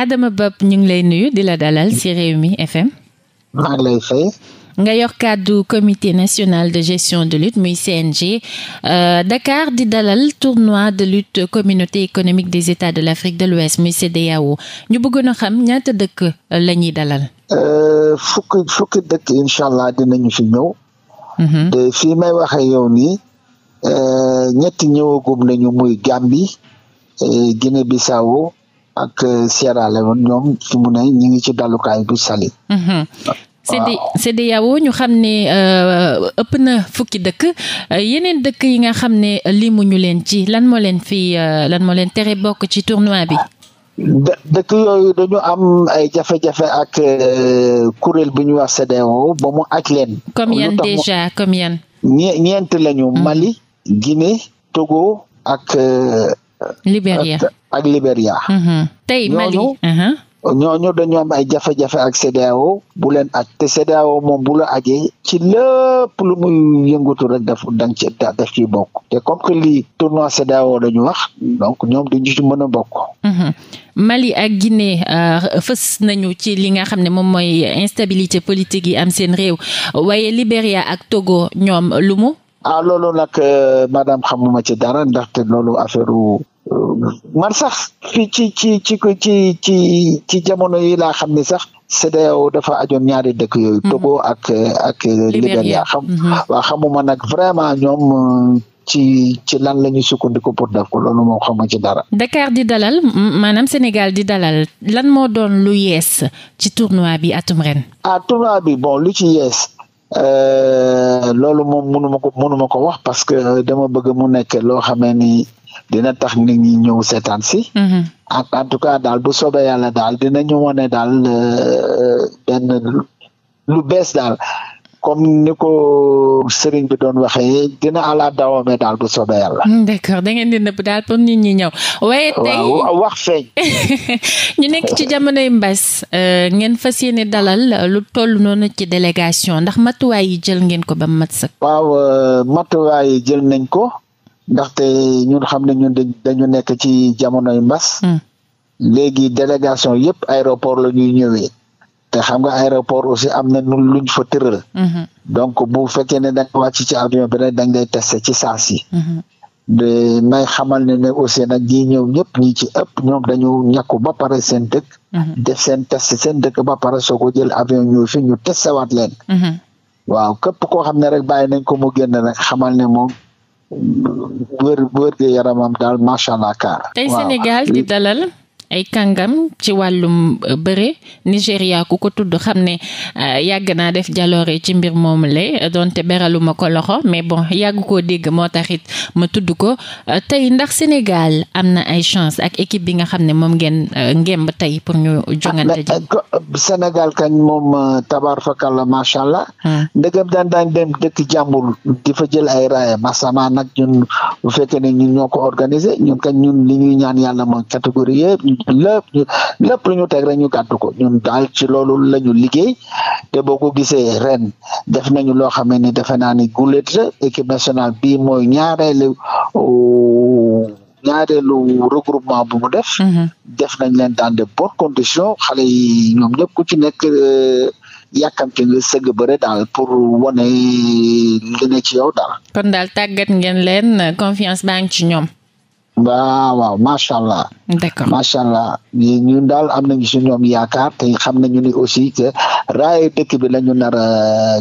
Adama Bop ñu ngi lay nuyu di la dalal ci Rewmi FM. maa ngi lay fay. nga yor kàddu comité national de gestion de lutte muy CNG euh, Dakar di dalal tournoi de lutte communauté économique des états de l' Afrique de l'Ouest muy CEDEAO ñu bëggoon a xam ñaata dëkk euh, lañuy dalal. Euh, fukki fukki dëkk incha allah dinañu fi ñëw. te mhm. fii may waxee yow nii ñetti ñëwagum nañu muy Gambie Guinée Bissau ak euh, Sierra Leone ñoom fi mu ne ñu ngi ci dalukaay bu sali CEDEAO mm-hmm. ñu xam ne euh, ëpp na fukki dëkk euh, yeneen dëkk yi nga xam ne limuñu leen ci lan moo leen fi lan moo leen tere bokk ci tournoi bi dëkk yooyu dañu am ay jafe-jafe ak kuréel bi ñu wax CEDEAO ba mu aj leen comme yan déjà comme ñeent lañu mm-hmm. Mali Guinée Togo ak Libéria ak Libéria mm-hmm. tey Mali uh-huh. ñooñu dañu am ay jafe-jafe ak CEDEAO bu leen bu la ajee ci lépp lu muy yëngatu rek daf dang ci daf ciy bokk te comme que lii tournoi CEDEAO la ñu wax donc ñoom duñu ci mën a bokk mm-hmm. Mali ak Guinée euh, fës nañu ci li nga xam ne moom mooy instabilité politique yi am seen réew waaye Libéria ak Togo ñoom lu a ah, loolu nag euh, madame xamuma ci dara ndaxte loolu affaire euh, man sax ci ci ci ci ci ci jamono yi laa xam ni sax CEDEAO dafa ajoon ñaari dëkk yooyu. Mhm. Togo ak ak Libéria xam mhm. waa xamuma nag vraiment ñoom. Euh, ci ci lan la ñuy sukkandiku pour def ko loolu moo xama ci dara. Dakar di dalal maanaam Sénégal di dalal lan moo doon lu yees ci tournoi bi atum ren. ah tournoi bi bon lu ci yees. Euh, loolu moom mënuma ko mënuma ko wax parce que dama bëgg mu nekk loo xamee ni dina tax nit ñëw seetaan si. Mhm. en tout cas daal bu soobee yàlla daal dinañu wane daal euh, benn lu bees daal. comme ni ko sëriñ bi doon waxee dina ala dawame daal bu soobee yàlla. Hmm, d'accord da ngeen di nëbb daal pour nit ñi ñëw. waaye tey wax feeñ. ñu nekk ci jamonoy mbas euh, ngeen fas yéene dalal lu toll noonu ci délégation ndax matuwaay yi jël ngeen ko ba mat sax. waaw euh, matuwaay jël nañ ko. ndaxte ñun xam ne ñun dañu nekk ci jamonoy mbas. Hmm. léegi délégation yépp aéroport la ñuy ñëwee. te xam nga aéroport aussi am na nu luñ fa tëral. Mhm. donc bu fekkee ne da nga wàcc ci avion bi da dañ lay testé ci saa si. Mhm. de may xamal ne ne aussi nag ñi ñëw ñëpp ñi ci ëpp ñoom dañu ñàkku ba pare seen dëkk. Mhm. def seen test seen dëkk ba pare soo jël avion ñëw fi ñu testé waat leen. waaw képp koo xam ne rek bàyyi nañ ko mu génn rek xamal ne moom. wër wër yaramam daal macha allah kaar. tey Sénégal di ay kàngam ci wàllum euh, bëre Nigéria ku ko tudd xam ne euh, yàgg naa def jaloore ci mbir moomu la donte beraluma ko loxo mais bon yàgg koo dégg moo taxit ma tudd ko euh, tey ndax Sénégal am na ay chance ak équipe bi nga xam ne moom ngeen ngemb tey pour ñu jongante ji ah, Sénégal kañ moom tabar fakal macha allah. Hmm. ndegam daan daan dem dëkk jàmbur di fa jël ay raaya masama nag ñun bu fekkee ne ñun ñoo ko organiser ñun kañ ñun li ñuy ñaan yàlla mooy catégorie yëpp lépp lépp lu ñu teg rek ñu ko ñun daal ci loolu la liggéey te boo ko gisee ren def nañu loo xam ne defe naa ni gulet la équipe nationale bii mooy ñaareelu ñaareelu regroupement bu mu def. Mm-hmm. def nañ leen dans de bonnes conditions xale yi ñoom ñëpp ku ci nekk euh, yàkkamte nga sëgg bëre daal pour wane li ci yow daal. kon daal tàggat ngeen leen confiance baa ci ñoom. waaw waaw macha allah. d'accord macha allah ñun daal am nañu si ñoom yaakaar te xam nañu ni aussi que raay dëkk bi la ñu nar a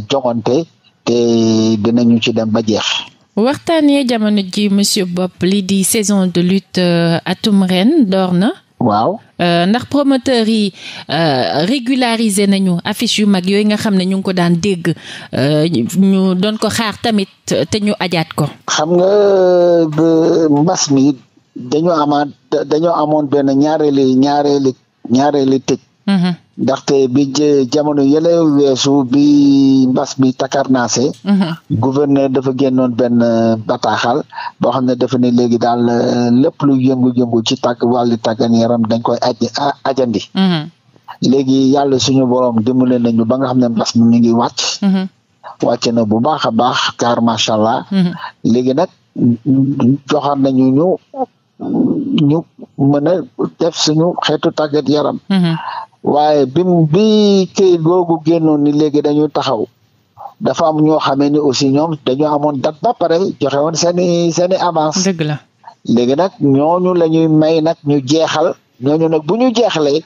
joŋante te dinañu ci dem ba jeex. waxtaanee jamono ji monsieur Bopp lii di saison de lutte euh, atum ren door na. waaw euh, ndax promoteur yi euh, régulariser nañu affiche yu mag yooyu nga xam ne ñu ngi ko daan dégg euh, ñu doon ko xaar tamit te ñu ajaat ko. xam nga mbas mi dañoo aman dañoo amoon benn ñaareeli ñaareeli ñaareeli tëj. Mhm. ndaxte bi jamono yële weesu bi mbas bi takarnaase mhm. gouverneur dafa génnoon ben euh, bataaxal boo xam ne dafa ne léegi daal euh, lépp lu yëngu-yëngu ci tàgg wàllu tàggan yaram dañ koy aji ajandi mhm. léegi yàlla suñu borom dimbale nañu ba nga xam ne mbas mi mi ngi wàcc mhm. wàcc na bu baax a baax kar macha allah léegi nag joxaat nañu ñuñu ñu mën def suñu xeetu tàggat yaram waaye bi mu bi këyit googu génnoon ni léegi dañu taxaw dafa am ñoo xamee ni aussi ñoom dañoo amoon da ba pare joxe woon seen i seen i avance. la léegi nag ñooñu la ñuy may nag ñu jeexal ñooñu nag bu ñu jeexalee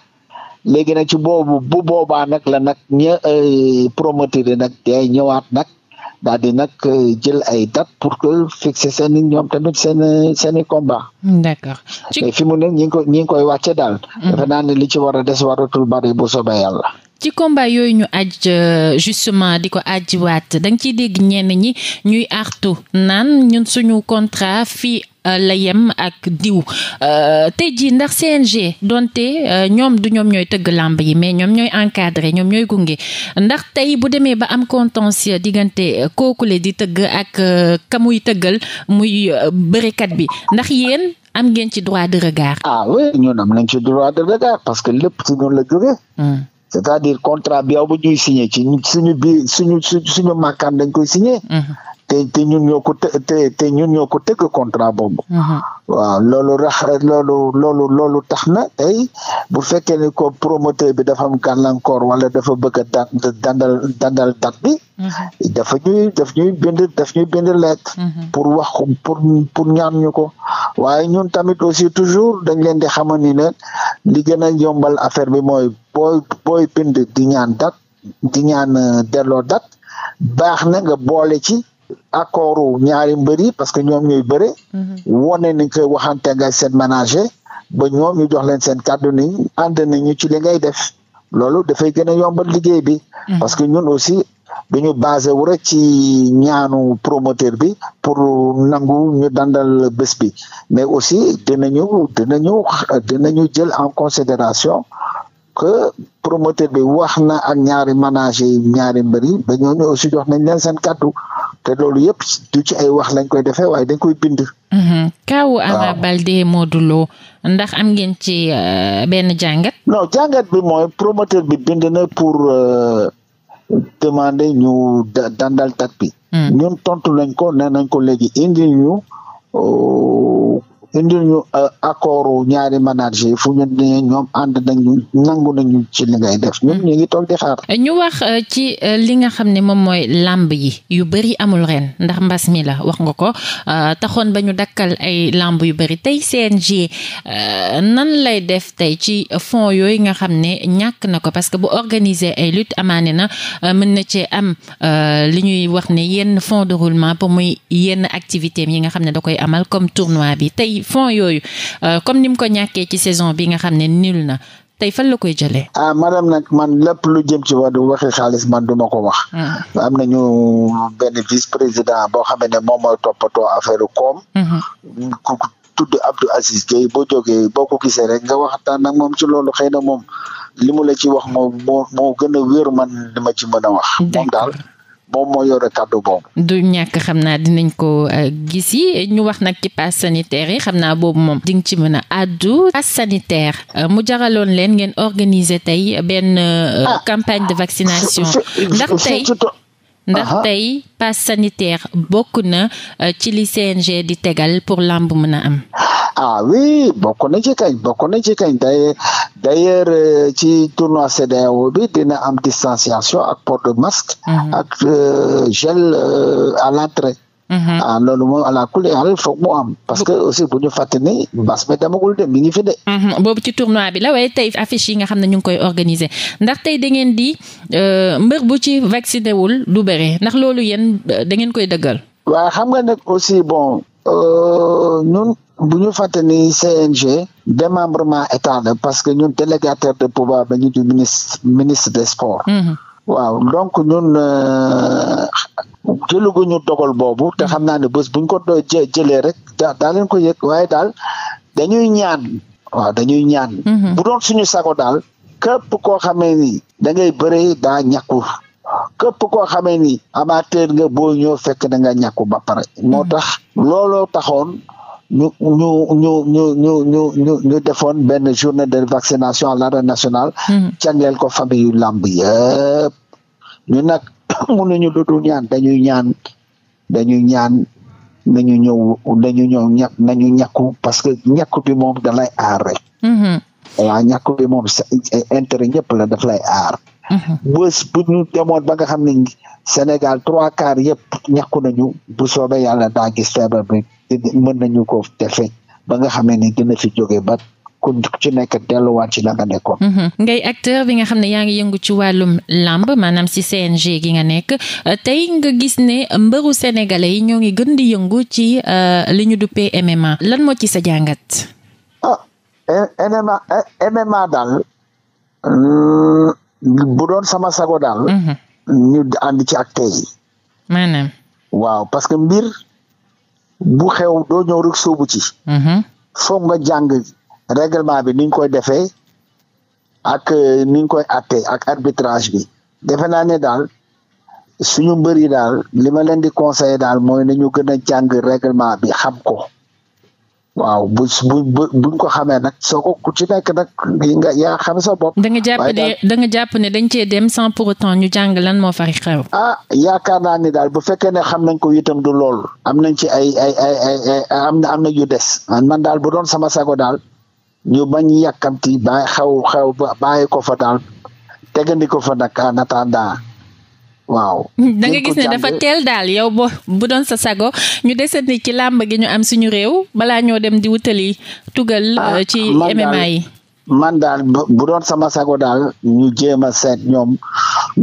léegi nag ci boobu bu boobaa nag la nag ña promoteur nag day ñëwaat nag. daal di nag eh, jël ay date pour que fixe seen i ñoom tamit seen seen i combat d'accord mais fi mu ne ñi ko ñi koy wàcce daal mm-hmm. defe naa ne li ci war a des waratul bari bu soobee yàlla ci combat yooyu ñu aj euh, justement di ko ajjiwaat da nga ciy dégg ñenn ñi ñuy artu naan ñun suñu contrat fii Euh, la yem ak diw euh, te jii ndax CNG donte euh, ñoom du ñoom ñooy tëgg làmb yi mais ñoom ñooy encadré ñoom ñooy gunge ndax tey bu demee ba am contentieux diggante kookule di tëgg ak ka muy tëggal muy bërekat bi ndax yéen am ngeen ci droit de regard. ah oui ñun am nañ ci droit de regard parce que lépp ci ñun la jógee. Hmm. c'est-à-dire contrat bi yow bu ñuy signé ci suñu biir suñu suñu makkaan dañ koy signé. Hmm. te te ñun ñoo ko te te ñun ñoo ko tëgg contrat boobu. waaw loolu tax na tey bu feke ni ko promoteur bi dafa am gàllankoor wala dafa bëgg a dandal dandal date bi. dafa ñuy daf ñuy bind daf ñuy bind lettre. pour wax pour ñaan ñu ko waaye ñun tamit aussi toujours da leen di xamal ni leen li gën a yombal affaire bi mooy booy booy bind di ñaan date di ñaan euh, delloo date baax na nga boole ci. accordu ñaari mbër yi parce que ñoom ñuy bëre mhm. wone ni koy waxante nga seen manager ba ñoom ñu jox leen seen kàddu ni ànd nañu ci li ngay def loolu dafay gën a yombal liggéey bi mhm. parce que ñun aussi duñu basé wu rek ci ñaanu promoteur bi pour nangu ñu dandal bés bi mais aussi dinañu dinañu dinañu jël en considération que promoteur bi wax na ak ñaari manager yi ñaari mbër yi ba ñooñu aussi jox leen seen kàddu te loolu yëpp du ci ay wax lañ koy defee waaye dañ koy bind. Mm-hmm. kawu Ama ah. Baldé Modou Lo ndax am ngeen ci euh, benn jàngat. non jàngat bi mooy promoteur bi bind na pour euh, demander ñu dandal date bi. Mm. ñun tontu nañ ko nee nañ ko léegi indi ñu. Euh, indil ñu euh, accord ñaari manager fu ñu ne ñoom ànd nañu nañu ci li ngay def ñu ngi toog di ñu wax euh, ci euh, li nga xam ne moom mooy làmb yi yu bëri amul ren ndax mbas mi la wax nga ko taxoon ba ñu dakkal ay làmb yu bëri tey CNG nan lay def tey ci fonds yooyu nga xam ne ñàkk na ko parce que bu organiser ay lutte amaane na mën na cee am li ñuy wax ne yenn fonds de roulement pour muy yenn activité yi nga xam ne da koy amal comme tournoi bi tey ci fonds yooyu euh, comme ni mu ko ñàkkee ci saison bi nga xam ne nul na tey fan la koy jëlee. ah madame nag man lépp lu jëm ci wàllu waxi xaalis man du ko wax. Hmm. am nañu benn vice président boo xam ne moom mooy toppatoo affaire koom. Hmm. ku tudd Abdou Aziz Gueye boo jógee boo ko gisee rek nga waxtaan nag ci loolu xëy na moom li mu la ci wax moo moo moo gën a wér man li ma ci mën wax. moom daal. moom boobu. du ñàkk xam naa dinañ ko euh, gis yi ñu wax nag ci pass sanitaire yi xam naa boobu moom di nga ci mën a àddu pass sanitaire euh, mu jaraloon leen ngeen organiser tey benn euh, ah, campagne de vaccination ndax tey ndax sanitaire bokk na ci li CNG di tegal pour làmb mën a am. Ah, Ah oui bokk na ci kañ bokk na ci kañ day d'ailleurs euh, ci tournoi CEDEAO bi dina am distanciation ak port de masque. Mhm. ak euh, gel euh, à mhm. ah loolu moom ala kulli al foog mu am parce que aussi bu ñu fàtte ni mbas mi fi de. Mhm. boobu ci tournoi bi la waaye tey affiche yi nga xam ne ñu ngi koy organiser ndax tey da ngeen di mbër bu ci vacciné wul du bëre ndax loolu yéen da ngeen koy dëggal. waaw xam nga nag aussi bon ñun bu ñu fàtte ni CNG démembrement état la parce que ñun délégataire de pouvoir ba ñu du ministre ministre des sports mm-hmm. waaw donc ñun euh, jëluguñu dogal boobu te xam naa ne buñ ko doon jëlee rek daa leen ko yëg waaye daal dañuy ñaan waaw dañuy ñaan mm-hmm. bu doon suñu sago daal képp koo xamee ni da ngay bëree daa ñàkku képp koo xamee ni amateur nga boo ñëw fekk da nga ñàkku ba pare moo mm-hmm. tax looloo taxoon ñu ñu ñu ñu ñu ñu ñu ñu defoon benn journée de vaccination à l'arène nationale hmm. jagleel ko famille yu làmb yëpp ñu nag mënuñu lu dul ñaan dañuy ñaan dañuy ñaan nañu ñëw nañu ñëw ñàkk nañu ñàkku parce que ñàkku bi moom da aar rek waaw hmm. ñàkku bi moom intere ñëpp la daf lay aar hmm. bés bu ñu ba nga xam ne Sénégal trois quarts yëpp ñàkku nañu bu soobee yàlla daa gis feebar bi mën nañu ba nga xamee ni dina fi jóge ba ku ci nekk delluwaat ci la nga nekkoon. Mhm. ngay acteur bi nga xam ne yaa ngi yëngu ci wàllum làmb maanaam si CNG gi nga nekk euh, tey nga gis ne mbëru sénégalais yi ñoo ngi gën di yëngu ci euh, li ñu duppee MMA lan moo ci sa jàngat. ah MMA MMA daal mm, bu doon sama sago daal. Mhm. ñu ànd ci acteurs maanaam. waaw parce que mbir. bu xew doo ñëw rek sóobu ci. Mm-hmm. foog nga jàng règlement bi ni ñu defee ak euh, ni ñu koy atte ak arbitrage bi defe naa ne daal suñu mbër yi daal li ma leen di conseiller daal mooy nañu gën a jàng règlement bi xam ko. waaw bu bu buñ ko xamee nag soo ko ku ci nekk nag yi nga yaa xam sa bopp. da nga jàpp ne nga jàpp ne dañ cee dem sans o autant ñu jàng lan moo fari xew. a ah, yaakaar naa ni daal bu fekkee ne xam nañ ko itam du lool am nañ ci ay ay ay ay am na am na yu des man daal bu doon sama sago daal ñu bañ yàkkamti bàyyi xew xew bàyyi ko fa daal tegandi ko fa nag en attendant. waaw da nga gis ne dafa teel daal yow bo bu doon sa sago ñu desandi ci làmba gi ñu am suñu réew balaa ñoo dem di wutali tugal ah, euh, ci MMA yi man daal bu doon sama sago daal ñu jéem a seet ñoom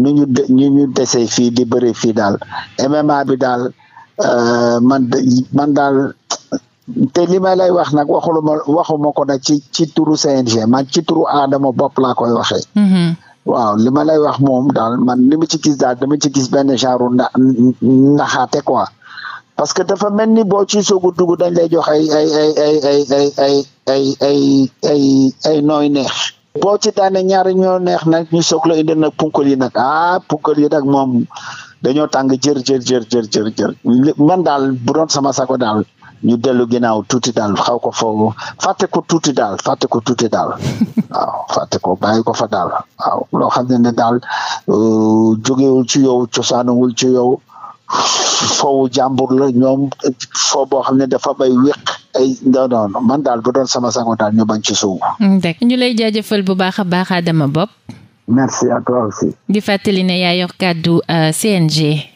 nu ñu ñu ñu dese fii di bëri fii daal MMA bi daal euh, man man daal te li may lay wax nag waxuma ko nag ci ci turu CNG man ci turu Adama bopp laa koy waxe mm-hmm. waaw li ma lay wax moom daal man li ma ci gis daal dama ci gis benn genre na naxaate quoi parce que dafa mel ni boo ci soog dugu dañ lay jox ay ay ay ay ay ay ay ay ay ay ay nooy neex ci daane ñaari ñoo neex nag ñu soog la indi na punkal yi nag ah punkal yi nag moom dañoo tàng jër jër jër jër jër jër man daal bu sama sago daal ñu dellu ginnaaw tuti daal xaw ko foofu fàtte ko tuuti daal fàtte ko tuuti daal waaw ko bàyyi ko fa daal waaw loo xam ne ne daal euh, jógewul ci yow cosaanawul ci yow foowu jàmbur la ñoom foo boo xam ne dafa bay wéq ay non man daal bu doon sama sango daal ñu bañ ci suuf. d'accord ñu lay jaajëfal bu baax a baax Adama Bopp. merci à toi aussi. Euh, CNG.